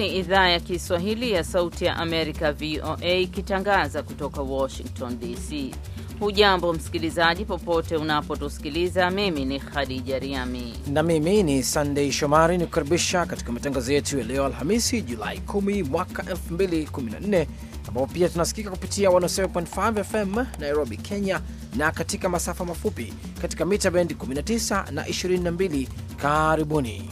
ni idhaa ya Kiswahili ya Sauti ya Amerika, VOA, ikitangaza kutoka Washington DC. Hujambo msikilizaji, popote unapotusikiliza. Mimi ni Khadija Riami na mimi ni Sandei Shomari, ni kukaribisha katika matangazo yetu ya leo Alhamisi, Julai 10 mwaka 2014 ambapo pia tunasikika kupitia 107.5 FM Nairobi, Kenya, na katika masafa mafupi katika mita bendi 19 na 22. Karibuni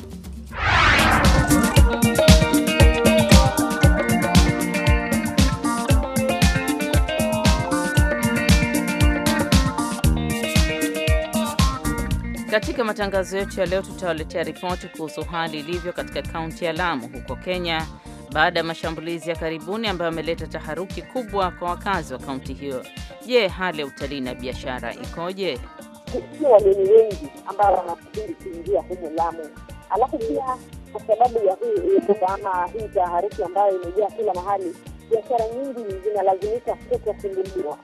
Katika matangazo yetu ya leo, tutawaletea ripoti kuhusu hali ilivyo katika kaunti ya Lamu huko Kenya baada ya mashambulizi ya karibuni ambayo yameleta taharuki kubwa kwa wakazi wa kaunti hiyo. Je, hali ya utalii na biashara ikoje? Kusikia wageni wengi ambao wanasubiri kuingia humu Lamu, alafu pia kwa sababu ya hii ama hii taharuki ambayo imejaa kila mahali, biashara nyingi zinalazimika kutwa kunguliwa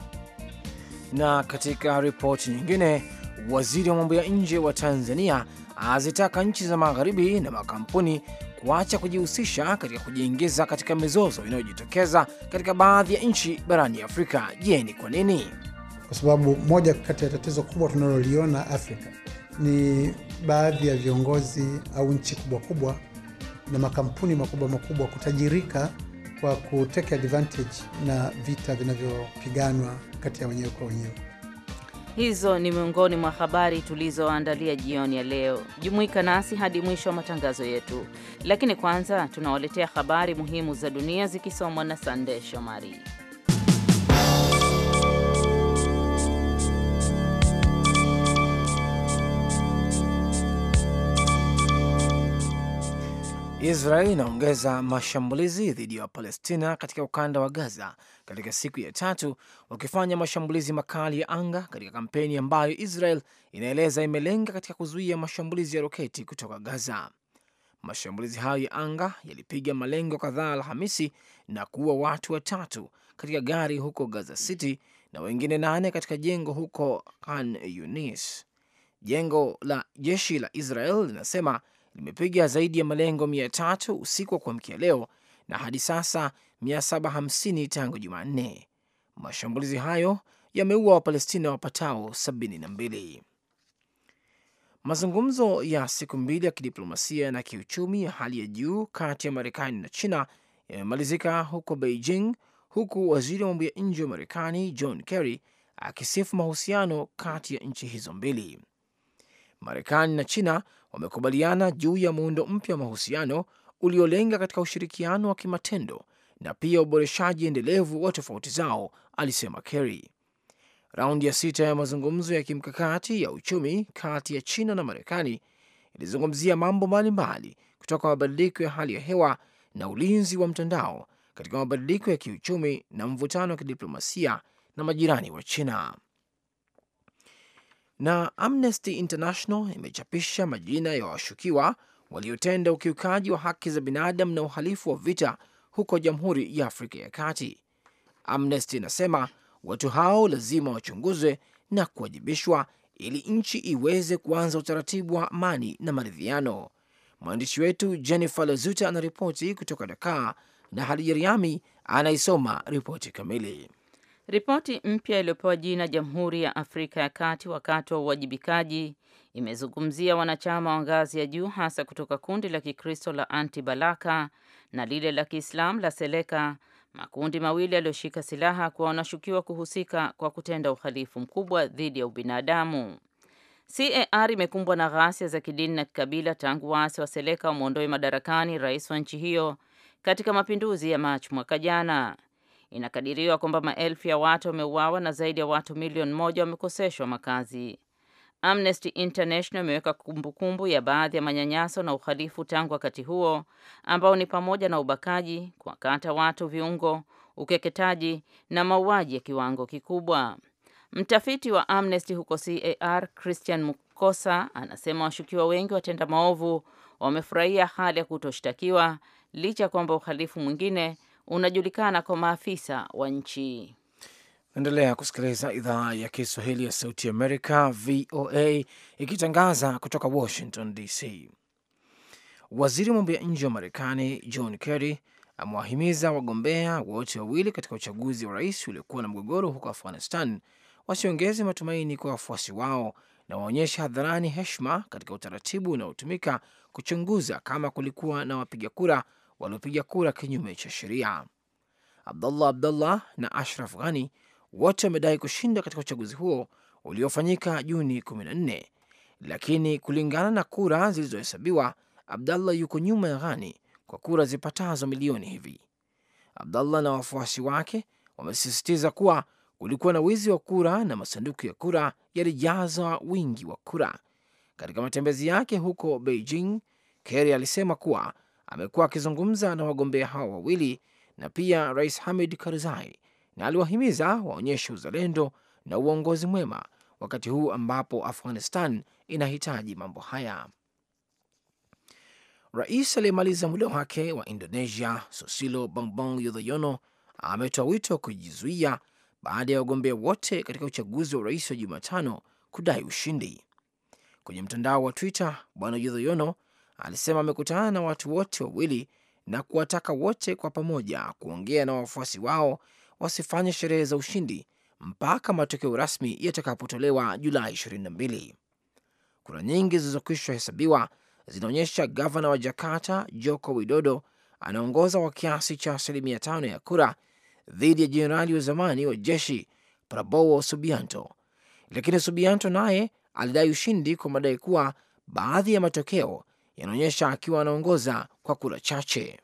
Na katika ripoti nyingine Waziri wa mambo ya nje wa Tanzania azitaka nchi za magharibi na makampuni kuacha kujihusisha katika kujiingiza katika mizozo inayojitokeza katika baadhi ya nchi barani Afrika. Je, ni kwa nini? Kwa sababu moja kati ya tatizo kubwa tunaloliona Afrika ni baadhi ya viongozi au nchi kubwa kubwa na makampuni makubwa makubwa kutajirika kwa kuteke advantage na vita vinavyopiganwa kati ya wenyewe kwa wenyewe. Hizo ni miongoni mwa habari tulizoandalia jioni ya leo. Jumuika nasi hadi mwisho wa matangazo yetu, lakini kwanza tunawaletea habari muhimu za dunia zikisomwa na Sande Shomari. Israel inaongeza mashambulizi dhidi ya Wapalestina katika ukanda wa Gaza katika siku ya tatu, wakifanya mashambulizi makali ya anga katika kampeni ambayo Israel inaeleza imelenga katika kuzuia mashambulizi ya roketi kutoka Gaza. Mashambulizi hayo ya anga yalipiga malengo kadhaa Alhamisi na kuua watu watatu katika gari huko Gaza City na wengine nane katika jengo huko Khan Yunis. Jengo la jeshi la Israel linasema limepiga zaidi ya malengo mia tatu usiku wa kuamkia leo na hadi sasa 750 tangu Jumanne. Mashambulizi hayo yameua Wapalestina wapatao 72. Mazungumzo ya siku mbili ya kidiplomasia na kiuchumi ya hali ya juu kati ya Marekani na China yamemalizika huko Beijing, huku waziri wa mambo ya nje wa Marekani John Kerry akisifu mahusiano kati ya nchi hizo mbili. Marekani na China wamekubaliana juu ya muundo mpya wa mahusiano uliolenga katika ushirikiano wa kimatendo na pia uboreshaji endelevu wa tofauti zao, alisema Kerry. Raundi ya sita ya mazungumzo ya kimkakati ya uchumi kati ya China na Marekani ilizungumzia mambo mbalimbali kutoka mabadiliko ya hali ya hewa na ulinzi wa mtandao katika mabadiliko ya kiuchumi na mvutano wa kidiplomasia na majirani wa China na Amnesty International imechapisha majina ya washukiwa waliotenda ukiukaji wa haki za binadamu na uhalifu wa vita huko Jamhuri ya Afrika ya Kati. Amnesty inasema watu hao lazima wachunguzwe na kuwajibishwa ili nchi iweze kuanza utaratibu wa amani na maridhiano. Mwandishi wetu Jennifer Lazuta anaripoti kutoka Dakar na Hadija Riami anaisoma ripoti kamili. Ripoti mpya iliyopewa jina Jamhuri ya Afrika ya Kati wakati wa uwajibikaji imezungumzia wanachama wa ngazi ya juu hasa kutoka kundi la Kikristo la Anti Balaka na lile la Kiislamu la Seleka, makundi mawili yaliyoshika silaha kuwa wanashukiwa kuhusika kwa kutenda uhalifu mkubwa dhidi ya ubinadamu. CAR imekumbwa na ghasia za kidini na kikabila tangu waasi wa Seleka wamwondoe madarakani rais wa nchi hiyo katika mapinduzi ya Machi mwaka jana. Inakadiriwa kwamba maelfu ya watu wameuawa na zaidi ya watu milioni moja wamekoseshwa makazi. Amnesty International imeweka kumbukumbu ya baadhi ya manyanyaso na uhalifu tangu wakati huo ambao ni pamoja na ubakaji, kuwakata watu viungo, ukeketaji na mauaji ya kiwango kikubwa. Mtafiti wa Amnesty huko CAR Christian Mukosa anasema washukiwa wengi watenda maovu wamefurahia hali ya kutoshtakiwa licha ya kwamba uhalifu mwingine unajulikana kwa maafisa wa nchi. Naendelea kusikiliza idhaa ya Kiswahili ya Sauti Amerika, VOA, ikitangaza kutoka Washington DC. Waziri wa mambo ya nje wa Marekani John Kerry amewahimiza wagombea wote wawili katika uchaguzi wa rais uliokuwa na mgogoro huko Afghanistan wasiongeze matumaini kwa wafuasi wao na waonyeshe hadharani heshima katika utaratibu unaotumika kuchunguza kama kulikuwa na wapiga kura waliopiga kura kinyume cha sheria. Abdullah Abdullah na Ashraf Ghani wote wamedai kushinda katika uchaguzi huo uliofanyika Juni 14, lakini kulingana na kura zilizohesabiwa, Abdallah yuko nyuma ya Ghani kwa kura zipatazo milioni hivi. Abdallah na wafuasi wake wamesisitiza kuwa kulikuwa na wizi wa kura na masanduku ya kura yalijaza wingi wa kura. Katika matembezi yake huko Beijing, Kerry alisema kuwa amekuwa akizungumza na wagombea hao wawili na pia Rais Hamid Karzai, na aliwahimiza waonyeshe uzalendo na uongozi mwema wakati huu ambapo Afghanistan inahitaji mambo haya. Rais aliyemaliza muda wake wa Indonesia Susilo Bambang Yudhoyono ametoa wito wa kujizuia baada ya wagombea wote katika uchaguzi wa urais wa Jumatano kudai ushindi. Kwenye mtandao wa Twitter, Bwana Yudhoyono alisema amekutana na watu wote wawili na kuwataka wote kwa pamoja kuongea na wafuasi wao wasifanye sherehe za ushindi mpaka matokeo rasmi yatakapotolewa Julai 22. Kura nyingi zilizokwishwa hesabiwa zinaonyesha gavana wa Jakarta Joko Widodo anaongoza kwa kiasi cha asilimia tano ya kura dhidi ya jenerali wa zamani wa jeshi Prabowo Subianto, lakini Subianto naye alidai ushindi kwa madai kuwa baadhi ya matokeo yanaonyesha akiwa anaongoza kwa kura chache.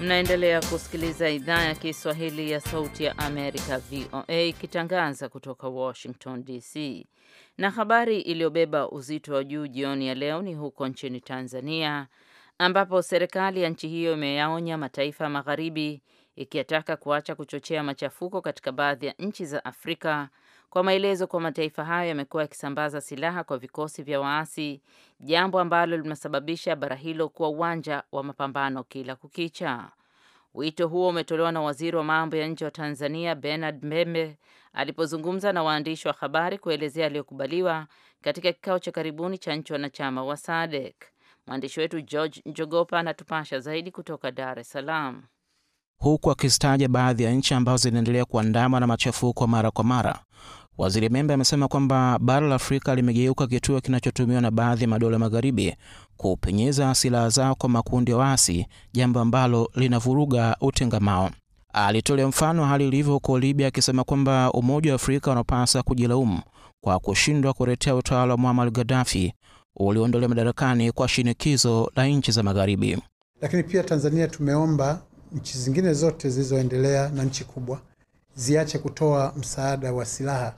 Mnaendelea kusikiliza idhaa ya Kiswahili ya Sauti ya Amerika, VOA, ikitangaza kutoka Washington DC. Na habari iliyobeba uzito wa juu jioni ya leo ni huko nchini Tanzania, ambapo serikali ya nchi hiyo imeyaonya mataifa ya magharibi ikiyataka kuacha kuchochea machafuko katika baadhi ya nchi za Afrika kwa maelezo kwa mataifa hayo yamekuwa yakisambaza silaha kwa vikosi vya waasi, jambo ambalo linasababisha bara hilo kuwa uwanja wa mapambano kila kukicha. Wito huo umetolewa na waziri wa mambo ya nje wa Tanzania Bernard Membe alipozungumza na waandishi wa habari kuelezea aliyokubaliwa katika kikao cha karibuni cha nchi wanachama wa SADC. Mwandishi wetu George Njogopa anatupasha zaidi kutoka Dar es Salaam, huku akizitaja baadhi ya nchi ambazo zinaendelea kuandamwa na machafuko mara kwa mara. Waziri Membe amesema kwamba bara la Afrika limegeuka kituo kinachotumiwa na baadhi ya madola magharibi kupenyeza silaha zao kwa makundi ya waasi, jambo ambalo linavuruga utengamao. Alitolea mfano hali ilivyo huko Libya, akisema kwamba Umoja wa Afrika unapasa kujilaumu kwa kushindwa kuletea utawala wa Muammar Gaddafi uliondolewa madarakani kwa shinikizo la nchi za Magharibi. Lakini pia Tanzania tumeomba nchi zingine zote zilizoendelea na nchi kubwa ziache kutoa msaada wa silaha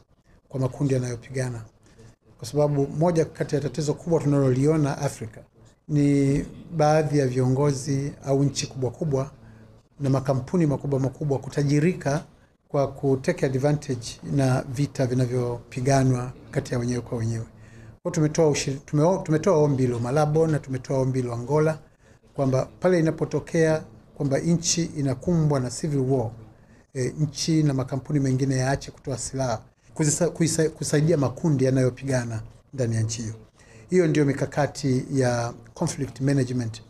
kwa makundi yanayopigana, kwa sababu moja kati ya tatizo kubwa tunaloliona Afrika ni baadhi ya viongozi au nchi kubwa kubwa na makampuni makubwa makubwa kutajirika kwa kuteke advantage na vita vinavyopiganwa kati ya wenyewe kwa wenyewe. Kwa tumetoa tumetoa ombi la Malabo na tumetoa ombi lo Angola kwamba pale inapotokea kwamba nchi inakumbwa na civil war e, nchi na makampuni mengine yaache kutoa silaha kusaidia makundi yanayopigana ndani ya nchi hiyo. Hiyo ndio mikakati ya conflict management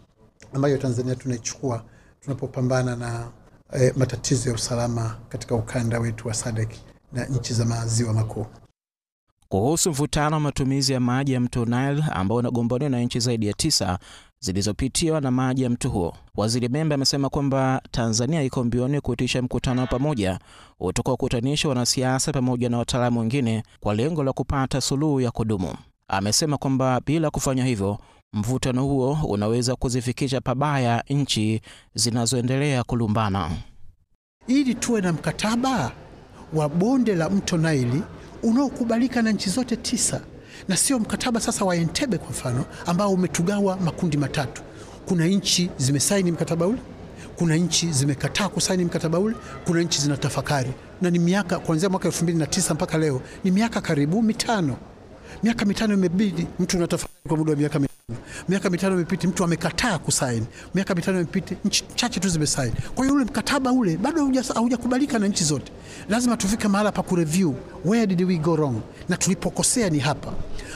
ambayo Tanzania tunaichukua tunapopambana na e, matatizo ya usalama katika ukanda wetu wa SADC na nchi za maziwa makuu kuhusu mvutano wa matumizi ya maji ya mto Nile ambao unagombaniwa na nchi zaidi ya tisa zilizopitiwa na maji ya mto huo. Waziri Membe amesema kwamba Tanzania iko mbioni kuitisha mkutano wa pamoja utakaokutanisha wanasiasa pamoja na wataalamu wengine kwa lengo la kupata suluhu ya kudumu. Amesema kwamba bila kufanya hivyo, mvutano huo unaweza kuzifikisha pabaya nchi zinazoendelea kulumbana. Ili tuwe na mkataba wa bonde la mto Naili unaokubalika na nchi zote tisa, na sio mkataba sasa wa Entebbe kwa mfano ambao umetugawa makundi matatu. Kuna nchi zimesaini mkataba ule, kuna nchi zimekataa kusaini mkataba ule, kuna nchi zinatafakari, na ni miaka kuanzia mwaka 2009 mpaka leo, ni miaka karibu mitano, miaka mitano imebidi mtu unatafakari kwa muda wa miaka mitano. Miaka mitano imepita, mtu amekataa kusaini. Miaka mitano imepita, nchi chache tu zimesaini. Kwa hiyo ule mkataba ule bado haujakubalika na nchi zote. Lazima tufike mahala pa kureview, where did we go wrong, na tulipokosea ni hapa,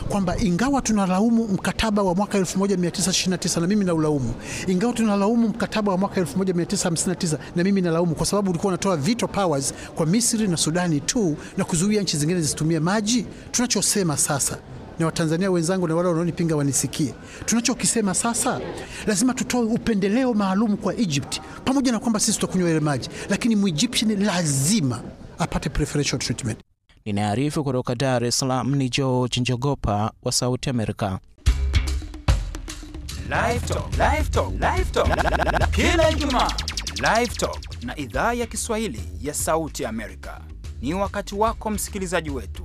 kwamba ingawa tunalaumu mkataba wa mwaka 1929 na mimi naulaumu, ingawa tunalaumu mkataba wa mwaka 1959 na mimi nalaumu, kwa sababu ulikuwa unatoa veto powers kwa Misri na Sudani tu na kuzuia nchi zingine zisitumie maji. Tunachosema sasa na Watanzania wenzangu na wale wanaonipinga wanisikie. Tunachokisema sasa, lazima tutoe upendeleo maalum kwa Egypt, pamoja na kwamba sisi tutakunywa ile maji, lakini Mwegyptian lazima apate preferential treatment. Ninaarifu kutoka Dar es Salaam ni George Njogopa wa Sauti Amerika. Kila Ijumaa Live Talk na idhaa ya Kiswahili ya Sauti Amerika, ni wakati wako msikilizaji wetu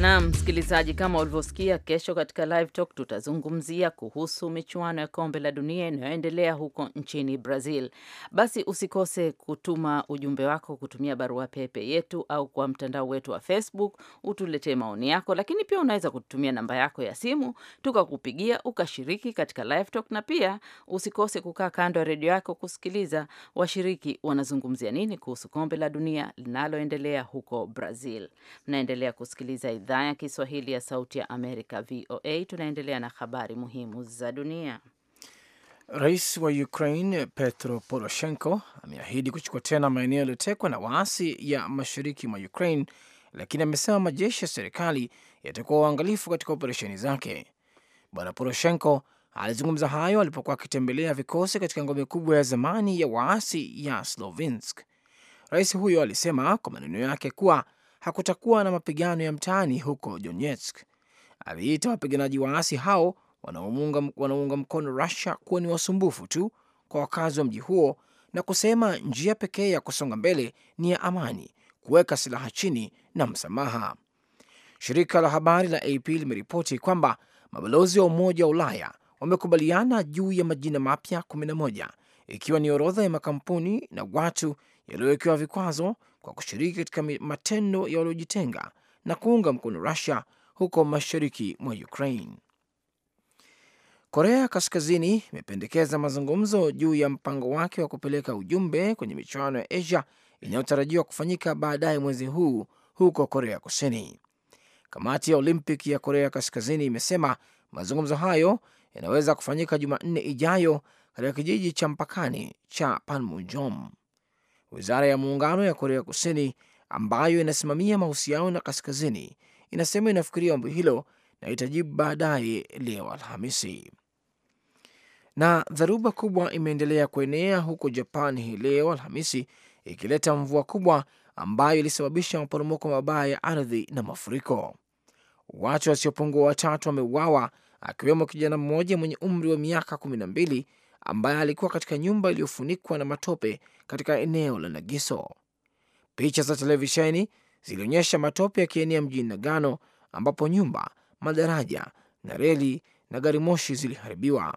Naam msikilizaji, kama ulivyosikia, kesho katika Live Talk tutazungumzia kuhusu michuano ya kombe la dunia inayoendelea huko nchini Brazil. Basi usikose kutuma ujumbe wako kutumia barua pepe yetu au kwa mtandao wetu wa Facebook, utuletee maoni yako, lakini pia unaweza kututumia namba yako ya simu tukakupigia ukashiriki katika Live Talk. Na pia usikose kukaa kando ya redio yako kusikiliza washiriki wanazungumzia nini kuhusu kombe la dunia linaloendelea huko Brazil. Mnaendelea kusikiliza idhaa ya Kiswahili ya Sauti ya Amerika, VOA. Tunaendelea na habari muhimu za dunia. Rais wa Ukraine Petro Poroshenko ameahidi kuchukua tena maeneo yaliyotekwa na waasi ya mashariki mwa Ukraine, lakini amesema majeshi ya serikali yatakuwa uangalifu katika operesheni zake. Bwana Poroshenko alizungumza hayo alipokuwa akitembelea vikosi katika ngome kubwa ya zamani ya waasi ya Slovinsk. Rais huyo alisema kwa maneno yake kuwa hakutakuwa na mapigano ya mtaani huko Donetsk. Aliita wapiganaji waasi hao wanaounga mkono Rusia kuwa ni wasumbufu tu kwa wakazi wa mji huo na kusema njia pekee ya kusonga mbele ni ya amani, kuweka silaha chini na msamaha. Shirika la habari la AP limeripoti kwamba mabalozi wa Umoja wa Ulaya wamekubaliana juu ya majina mapya 11 ikiwa ni orodha ya makampuni na watu yaliyowekewa vikwazo kwa kushiriki katika matendo ya waliojitenga na kuunga mkono Rusia huko mashariki mwa Ukraine. Korea Kaskazini imependekeza mazungumzo juu ya mpango wake wa kupeleka ujumbe kwenye michuano ya Asia inayotarajiwa kufanyika baadaye mwezi huu huko Korea Kusini. Kamati ya olimpic ya Korea Kaskazini imesema mazungumzo hayo yanaweza kufanyika Jumanne ijayo katika kijiji cha mpakani cha Panmunjom. Wizara ya Muungano ya Korea Kusini ambayo inasimamia mahusiano na kaskazini inasema inafikiria ombi hilo na itajibu baadaye leo Alhamisi. Na dharuba kubwa imeendelea kuenea huko Japan hii leo Alhamisi, ikileta mvua kubwa ambayo ilisababisha maporomoko mabaya ya ardhi na mafuriko. Watu wasiopungua watatu wameuawa akiwemo kijana mmoja mwenye umri wa miaka kumi na mbili ambaye alikuwa katika nyumba iliyofunikwa na matope katika eneo la Nagiso. Picha za televisheni zilionyesha matope yakienea mjini Nagano, ambapo nyumba, madaraja na reli na gari moshi ziliharibiwa.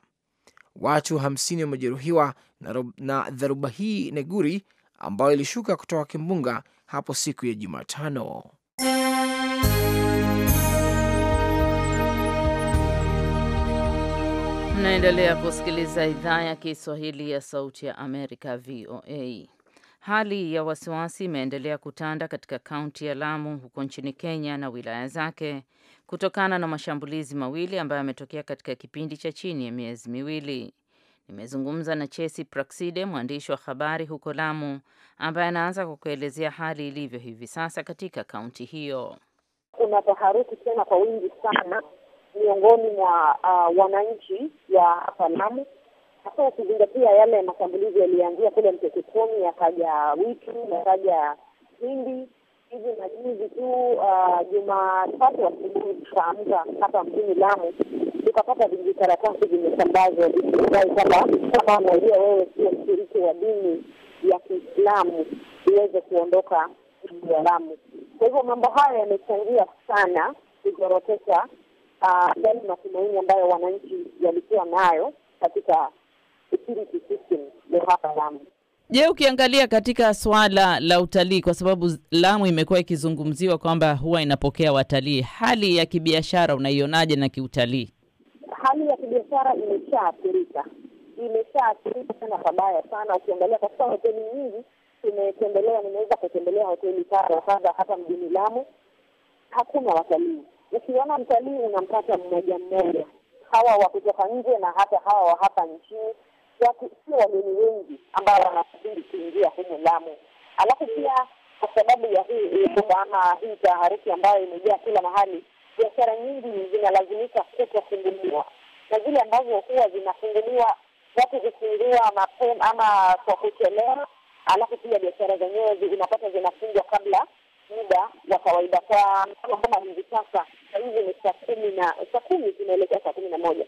Watu hamsini wamejeruhiwa na, na dharuba hii Neguri ambayo ilishuka kutoka kimbunga hapo siku ya Jumatano. Mnaendelea kusikiliza idhaa ya Kiswahili ya Sauti ya Amerika, VOA. Hali ya wasiwasi imeendelea kutanda katika kaunti ya Lamu huko nchini Kenya na wilaya zake kutokana na mashambulizi mawili ambayo yametokea katika kipindi cha chini ya miezi miwili. Nimezungumza na Chesi Prakside, mwandishi wa habari huko Lamu, ambaye anaanza kwa kuelezea hali ilivyo hivi sasa katika kaunti hiyo. Kuna taharuki tena kwa wingi sana miongoni mwa uh, wananchi ya hapa Lamu, hasa ukizingatia yale mashambulizi yaliyoanzia kule Mteketoni, yakaja Witu, yakaja Hindi. Hivi majuzi tu uh, Jumatatu asubuhi tukaamka hapa mjini Lamu tukapata vijikaratasi vimesambazwa vikidai kwamba kama unajua wewe sio mshiriki wa dini ya Kiislamu iweze kuondoka mji wa Lamu. Kwa hivyo mambo haya yamechangia sana kuzorotesha Ah, yale matumaini ambayo wananchi yalikuwa nayo katika security system ya hapa Lamu. Je, ukiangalia katika swala la utalii, kwa sababu Lamu imekuwa ikizungumziwa kwamba huwa inapokea watalii, hali ya kibiashara unaionaje na kiutalii? Hali ya kibiashara imeshaathirika, imeshaathirika sana pabaya sana. Ukiangalia katika hoteli nyingi tumetembelea, nimeweza kutembelea hoteli kadha wa kadha hapa mjini Lamu, hakuna watalii ukiona mtalii unampata mmoja mmoja, hawa wa kutoka nje na hata hawa wa hapa nchini, watu sio wageni wengi ambao wanasubiri kuingia humu Lamu. Alafu pia kwa sababu ya hii ama hii taharuki ambayo imejaa kila mahali, biashara nyingi zinalazimika kutofunguliwa na zile ambazo huwa zinafunguliwa watu hufungua mapema ama kwa kuchelewa. Alafu pia biashara zenyewe unapata zinafungwa kabla muda wa kawaida, kwa kama hivi sasa hizi ni saa kumi na saa kumi zinaelekea saa kumi na moja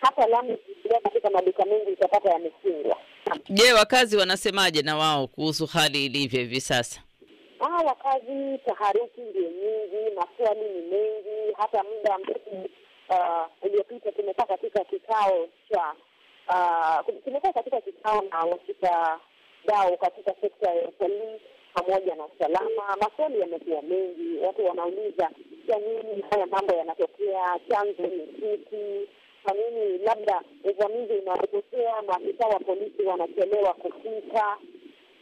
hapa Lamu katika maduka mengi utapata yamefungwa. Je, wakazi wanasemaje na wao kuhusu hali ilivyo hivi sasa? Ah, wakazi, taharuki ndio nyingi, maswali ni mengi. Hata muda mrefu ah, uliopita tumekaa katika kikao cha ah, tumekaa katika kikao na washika dau katika sekta ya utalii pamoja na usalama. Maswali yamekuwa mengi, watu wanauliza kwa nini haya mambo yanatokea, chanzo ni kiki, Kwa nini labda uvamizi unaotokea, maafisa wa polisi wanachelewa kufika?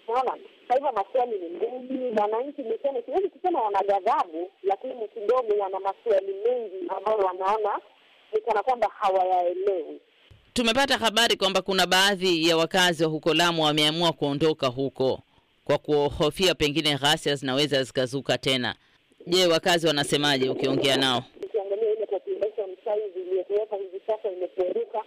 Naona kwa hivyo maswali ni mengi. Wananchi niseme, siwezi kusema wana ghadhabu, lakini kidogo wana maswali mengi ambayo wanaona ni kana kwamba hawayaelewi. Tumepata habari kwamba kuna baadhi ya wakazi wa huko Lamu wameamua kuondoka huko kwa kuhofia pengine ghasia zinaweza zikazuka tena. Je, wakazi wanasemaje ukiongea nao? Ukiangalia ile population size iliyokuwepo hivi sasa imepunguka,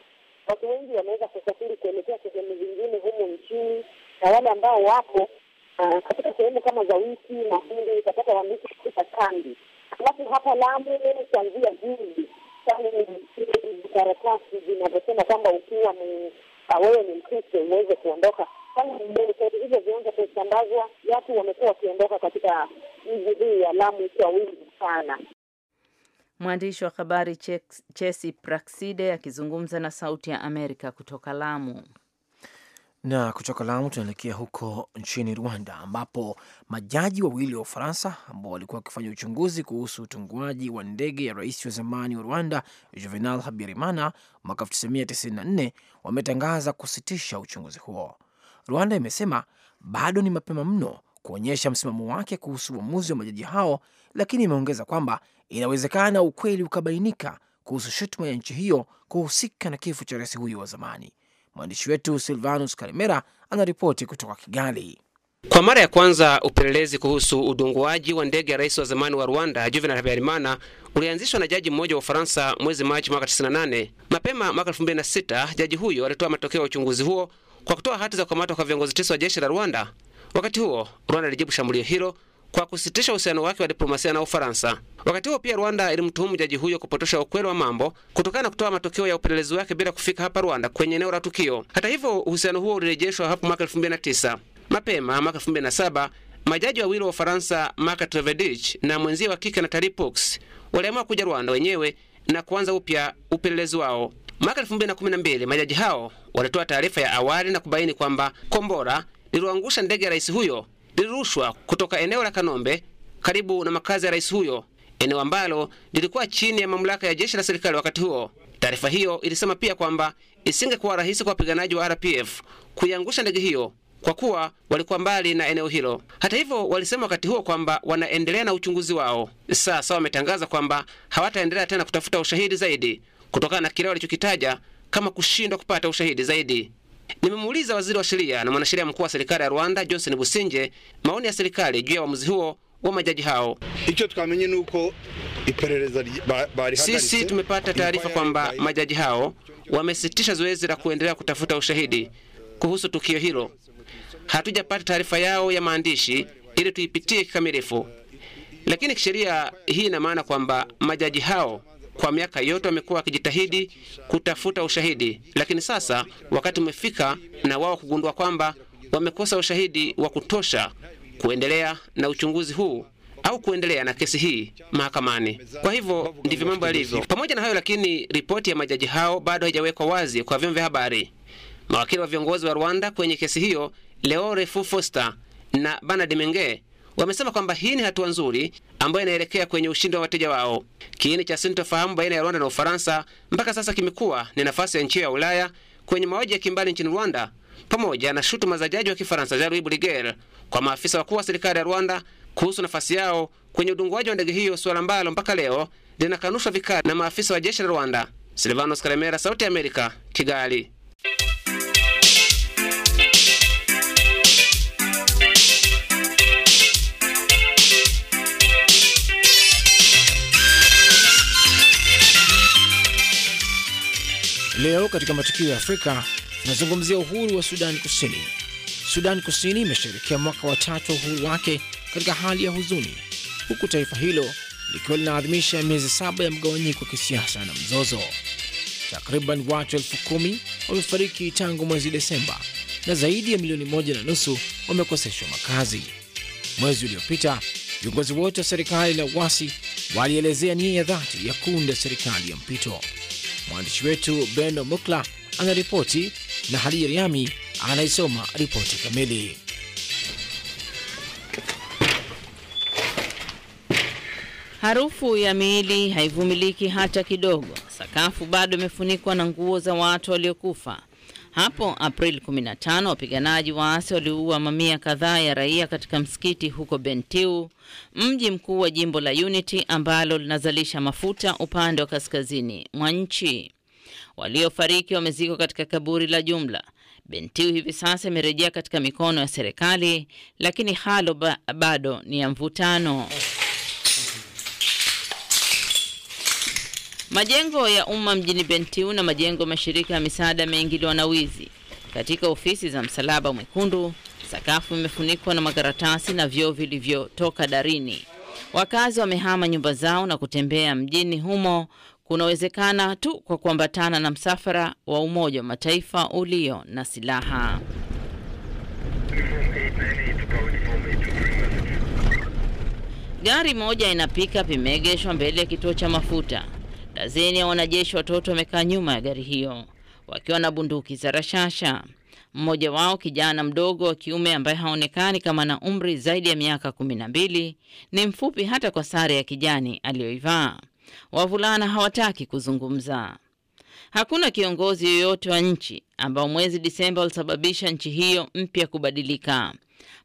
watu wengi wameweza kusafiri kuelekea sehemu zingine humu nchini, na wale ambao wapo ah, katika sehemu kama za wiki Mahindi utapata wameishi katika kambi, alafu hapa Lamu kuanzia juzi karatasi zinavyosema kwamba ukiwa ni ah, wewe ni Mkristo uweze kuondoka kama ni mbele zaidi, hivyo viwanja kusambazwa, watu wamekuwa wakiondoka katika mji huu ya Lamu kwa wingi sana. Mwandishi wa habari Chesi Prakside akizungumza na Sauti ya Amerika kutoka Lamu. Na kutoka Lamu tunaelekea huko nchini Rwanda, ambapo majaji wawili wa Ufaransa ambao walikuwa wakifanya uchunguzi kuhusu utunguaji wa ndege ya rais wa zamani wa Rwanda Juvenal Habyarimana mwaka 1994 wametangaza kusitisha uchunguzi huo. Rwanda imesema bado ni mapema mno kuonyesha msimamo wake kuhusu uamuzi wa majaji hao, lakini imeongeza kwamba inawezekana ukweli ukabainika kuhusu shutuma ya nchi hiyo kuhusika na kifo cha rais huyo wa zamani. Mwandishi wetu Silvanus Karimera anaripoti kutoka Kigali. Kwa mara ya kwanza upelelezi kuhusu udunguaji wa ndege ya rais wa zamani wa Rwanda Juvenal Habyarimana ulianzishwa na jaji mmoja wa Ufaransa mwezi Machi mwaka 98. Mapema mwaka 2006 jaji huyo alitoa matokeo ya uchunguzi huo kwa kutoa hati za kukamatwa kwa viongozi tisa wa jeshi la Rwanda. Wakati huo Rwanda ilijibu shambulio hilo kwa kusitisha uhusiano wake wa diplomasia na Ufaransa. Wakati huo pia Rwanda ilimtuhumu jaji huyo kupotosha ukweli wa mambo kutokana na kutoa matokeo ya upelelezi wake bila kufika hapa Rwanda kwenye eneo la tukio. Hata hivyo, uhusiano huo ulirejeshwa hapo mwaka 2009. Mapema mwaka 2007 majaji wawili wa Ufaransa Marc Trevedich na mwenzie wa kike Nathalie Poux waliamua kuja Rwanda wenyewe na kuanza upya upelelezi wao. Mwaka 2012 majaji hao walitoa taarifa ya awali na kubaini kwamba kombora liloangusha ndege ya rais huyo lilirushwa kutoka eneo la Kanombe karibu na makazi ya rais huyo, eneo ambalo lilikuwa chini ya mamlaka ya jeshi la serikali wakati huo. Taarifa hiyo ilisema pia kwamba isingekuwa rahisi kwa wapiganaji wa RPF kuiangusha ndege hiyo kwa kuwa walikuwa mbali na eneo hilo. Hata hivyo, walisema wakati huo kwamba wanaendelea na uchunguzi wao. Sasa wametangaza kwamba hawataendelea tena kutafuta ushahidi zaidi kutokana na kile walichokitaja kama kushindwa kupata ushahidi zaidi. Nimemuuliza waziri wa sheria na mwanasheria mkuu wa serikali ya Rwanda Johnson Businje maoni ya serikali juu ya uamuzi huo wa majaji hao. Hicho tukamenye nuko iperereza sisi tumepata taarifa kwamba majaji hao wamesitisha zoezi la kuendelea kutafuta ushahidi kuhusu tukio hilo. Hatujapata taarifa yao ya maandishi ili tuipitie kikamilifu, lakini kisheria hii ina maana kwamba majaji hao kwa miaka yote wamekuwa wakijitahidi kutafuta ushahidi, lakini sasa wakati umefika na wao kugundua kwamba wamekosa ushahidi wa kutosha kuendelea na uchunguzi huu au kuendelea na kesi hii mahakamani. Kwa hivyo ndivyo mambo yalivyo. Pamoja na hayo lakini, ripoti ya majaji hao bado haijawekwa wazi kwa vyombo vya habari. Mawakili wa viongozi wa Rwanda kwenye kesi hiyo, Leore Fu Foster na Bernard Menge, Wamesema kwamba hii ni hatua nzuri ambayo inaelekea kwenye ushindi wa wateja wao. Kiini cha sintofahamu baina ya Rwanda na Ufaransa mpaka sasa kimekuwa ni nafasi ya nchi ya Ulaya kwenye mauaji ya kimbali nchini Rwanda pamoja na shutuma za jaji wa Kifaransa Jean Louis Bruguiere kwa maafisa wakuu wa serikali ya Rwanda kuhusu nafasi yao kwenye udunguaji wa ndege hiyo, suala ambalo mpaka leo linakanushwa vikali na maafisa wa jeshi la Rwanda. Silvanos Karemera, Sauti ya Amerika, Kigali. Leo katika matukio ya Afrika tunazungumzia uhuru wa Sudan Kusini. Sudan Kusini imesherekea mwaka wa tatu wa uhuru wake katika hali ya huzuni, huku taifa hilo likiwa linaadhimisha miezi saba ya mgawanyiko wa kisiasa na mzozo. Takriban watu elfu kumi wamefariki tangu mwezi Desemba na zaidi ya milioni moja na nusu wamekoseshwa makazi. Mwezi uliopita viongozi wote wa serikali na uasi walielezea nia ya dhati ya kuunda serikali ya mpito. Mwandishi wetu Beno Mukla anaripoti na Hali Riami anaisoma ripoti kamili. Harufu ya miili haivumiliki hata kidogo. Sakafu bado imefunikwa na nguo za watu waliokufa hapo april 15 wapiganaji waasi waliua mamia kadhaa ya raia katika msikiti huko Bentiu, mji mkuu wa jimbo la Unity ambalo linazalisha mafuta upande wa kaskazini mwa nchi. Waliofariki wamezikwa katika kaburi la jumla. Bentiu hivi sasa imerejea katika mikono ya serikali, lakini halo ba bado ni ya mvutano. Majengo ya umma mjini Bentiu na majengo mashirika ya misaada yameingiliwa na wizi. Katika ofisi za Msalaba Mwekundu, sakafu imefunikwa na makaratasi na vyoo vilivyotoka darini. Wakazi wamehama nyumba zao na kutembea mjini humo kunawezekana tu kwa kuambatana na msafara wa Umoja wa Mataifa ulio na silaha. Gari moja ina pikapu imeegeshwa mbele ya kituo cha mafuta. Dazeni ya wanajeshi watoto wamekaa nyuma ya gari hiyo wakiwa na bunduki za rashasha. Mmoja wao kijana mdogo wa kiume ambaye haonekani kama na umri zaidi ya miaka kumi na mbili ni mfupi hata kwa sare ya kijani aliyoivaa. Wavulana hawataki kuzungumza. Hakuna kiongozi yoyote wa nchi ambao mwezi Disemba ulisababisha nchi hiyo mpya kubadilika.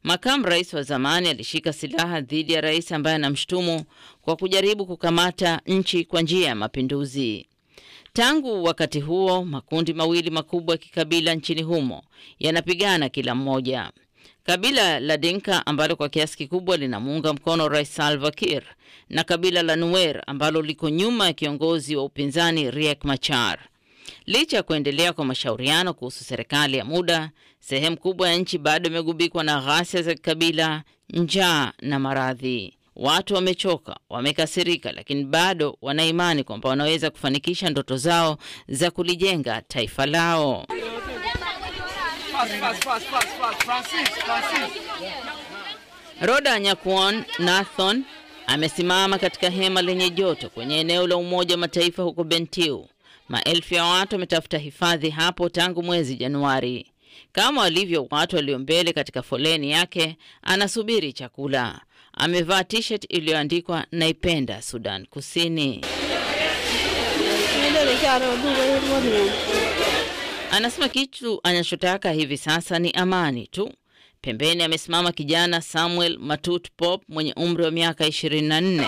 Makamu rais wa zamani alishika silaha dhidi ya rais ambaye anamshutumu kwa kujaribu kukamata nchi kwa njia ya mapinduzi. Tangu wakati huo makundi mawili makubwa ya kikabila nchini humo yanapigana kila mmoja. Kabila la Dinka ambalo kwa kiasi kikubwa linamuunga mkono Rais Salva Kiir na kabila la Nuer ambalo liko nyuma ya kiongozi wa upinzani Riek Machar. Licha ya kuendelea kwa mashauriano kuhusu serikali ya muda, sehemu kubwa ya nchi bado imegubikwa na ghasia za kikabila, njaa na maradhi. Watu wamechoka, wamekasirika, lakini bado wanaimani kwamba wanaweza kufanikisha ndoto zao za kulijenga taifa lao. Roda Nyakuon Nathon amesimama katika hema lenye joto kwenye eneo la Umoja wa Mataifa huko Bentiu Maelfu ya watu wametafuta hifadhi hapo tangu mwezi Januari. Kama walivyo watu walio mbele katika foleni yake, anasubiri chakula. Amevaa t-shirt iliyoandikwa naipenda Sudan Kusini. Anasema kitu anachotaka hivi sasa ni amani tu. Pembeni amesimama kijana Samuel Matut Pop mwenye umri wa miaka 24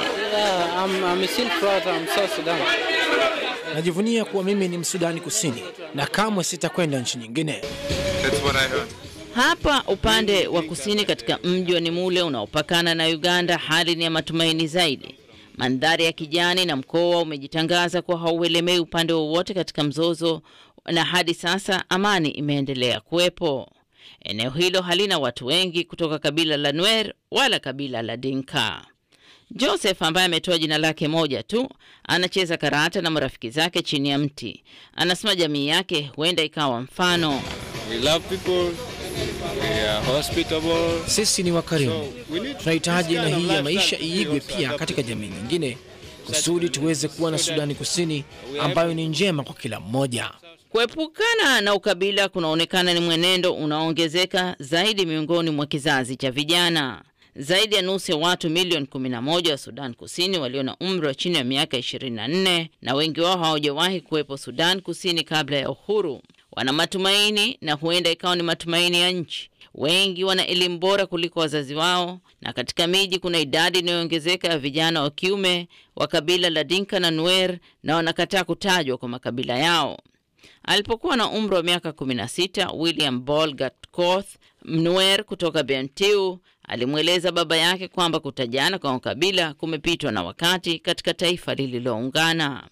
najivunia kuwa mimi ni Msudani Kusini na kamwe sitakwenda nchi nyingine. Hapa upande wa kusini katika mji wa Nimule unaopakana na Uganda, hali ni ya matumaini zaidi. Mandhari ya kijani na mkoa umejitangaza kuwa hauelemei upande wowote katika mzozo, na hadi sasa amani imeendelea kuwepo. Eneo hilo halina watu wengi kutoka kabila la Nuer wala kabila la Dinka. Joseph ambaye ametoa jina lake moja tu anacheza karata na marafiki zake chini ya mti. Anasema jamii yake huenda ikawa mfano. We love people. Sisi ni wakarimu, tunahitaji aina hii ya maisha iigwe pia katika jamii nyingine, kusudi tuweze kuwa na Sudani Kusini ambayo ni njema kwa kila mmoja. Kuepukana na ukabila kunaonekana ni mwenendo unaoongezeka zaidi miongoni mwa kizazi cha vijana. Zaidi ya nusu ya watu milioni 11 wa Sudan Kusini walio na umri wa chini ya miaka 24 na wengi wao hawajawahi kuwepo Sudan Kusini kabla ya uhuru wana matumaini na huenda ikawa ni matumaini ya nchi. Wengi wana elimu bora kuliko wazazi wao, na katika miji kuna idadi inayoongezeka ya vijana wa kiume wa kabila la Dinka na Nuer, na wanakataa kutajwa kwa makabila yao. Alipokuwa na umri wa miaka 16, William Bol Mnuer kutoka Bentiu alimweleza baba yake kwamba kutajana kwa ukabila kumepitwa na wakati katika taifa lililoungana.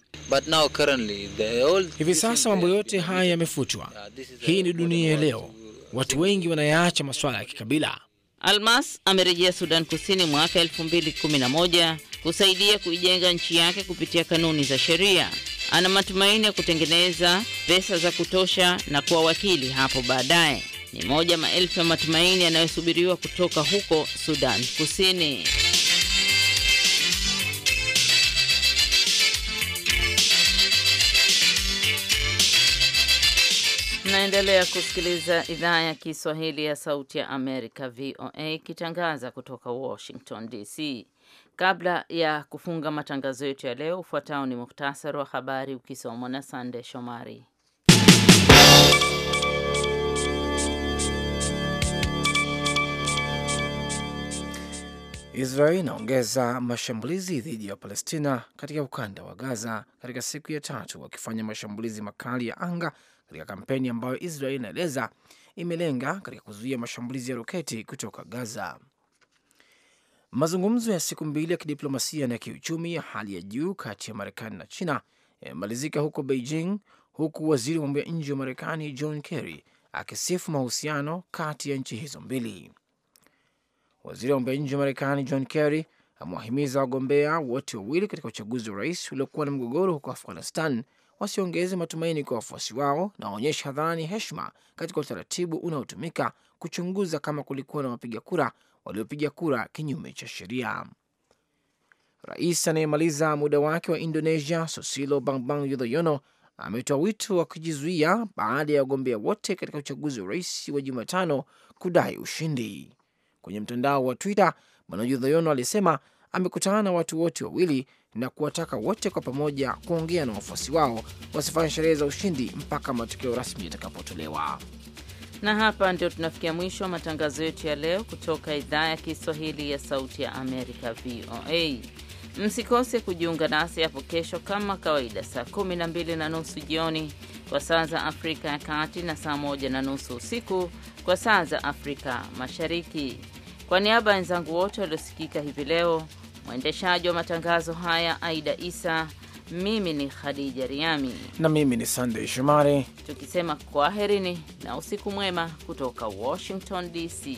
hivi sasa mambo yote haya yamefutwa. Hii ni dunia ya leo, watu wengi wanayaacha masuala ya kikabila. Almas amerejea Sudan Kusini mwaka 2011 kusaidia kuijenga nchi yake kupitia kanuni za sheria. Ana matumaini ya kutengeneza pesa za kutosha na kuwa wakili hapo baadaye ni moja maelfu ya matumaini yanayosubiriwa kutoka huko Sudan Kusini. Naendelea kusikiliza idhaa ya Kiswahili ya Sauti ya Amerika, VOA, ikitangaza kutoka Washington DC. Kabla ya kufunga matangazo yetu ya leo, ufuatao ni muhtasari wa habari ukisomwa na Sande Shomari. Israel inaongeza mashambulizi dhidi ya Palestina katika ukanda wa Gaza katika siku ya tatu, wakifanya mashambulizi makali ya anga katika kampeni ambayo Israel inaeleza imelenga katika kuzuia mashambulizi ya roketi kutoka Gaza. Mazungumzo ya siku mbili ya kidiplomasia na kiuchumi ya hali ya juu kati ya Marekani na China yamemalizika huko Beijing, huku waziri wa mambo ya nje wa Marekani John Kerry akisifu mahusiano kati ya nchi hizo mbili. Waziri wa mambo ya nje wa Marekani John Kerry amewahimiza wagombea wote wawili katika uchaguzi wa rais uliokuwa na mgogoro huko Afghanistan wasiongeze matumaini kwa wafuasi wao na waonyeshe hadharani heshima katika utaratibu unaotumika kuchunguza kama kulikuwa na wapiga kura waliopiga kura kinyume cha sheria. Rais anayemaliza muda wake wa Indonesia Susilo Bambang Yudhoyono ametoa wito wa kujizuia baada ya wagombea wote katika uchaguzi wa rais wa Jumatano kudai ushindi. Kwenye mtandao wa Twitter, Bwana Yudhoyono alisema amekutana na watu wote wawili na kuwataka wote kwa pamoja kuongea na wafuasi wao wasifanye sherehe za ushindi mpaka matokeo rasmi yatakapotolewa. Na hapa ndio tunafikia mwisho wa matangazo yetu ya leo kutoka idhaa ya Kiswahili ya Sauti ya Amerika, VOA. Msikose kujiunga nasi hapo kesho kama kawaida, saa kumi na mbili na nusu jioni kwa saa za Afrika ya Kati na saa moja na nusu usiku kwa saa za Afrika Mashariki. Kwa niaba ya wenzangu wote waliosikika hivi leo, mwendeshaji wa matangazo haya Aida Isa, mimi ni Khadija Riami na mimi ni Sandey Shomari, tukisema kwaherini na usiku mwema kutoka Washington DC.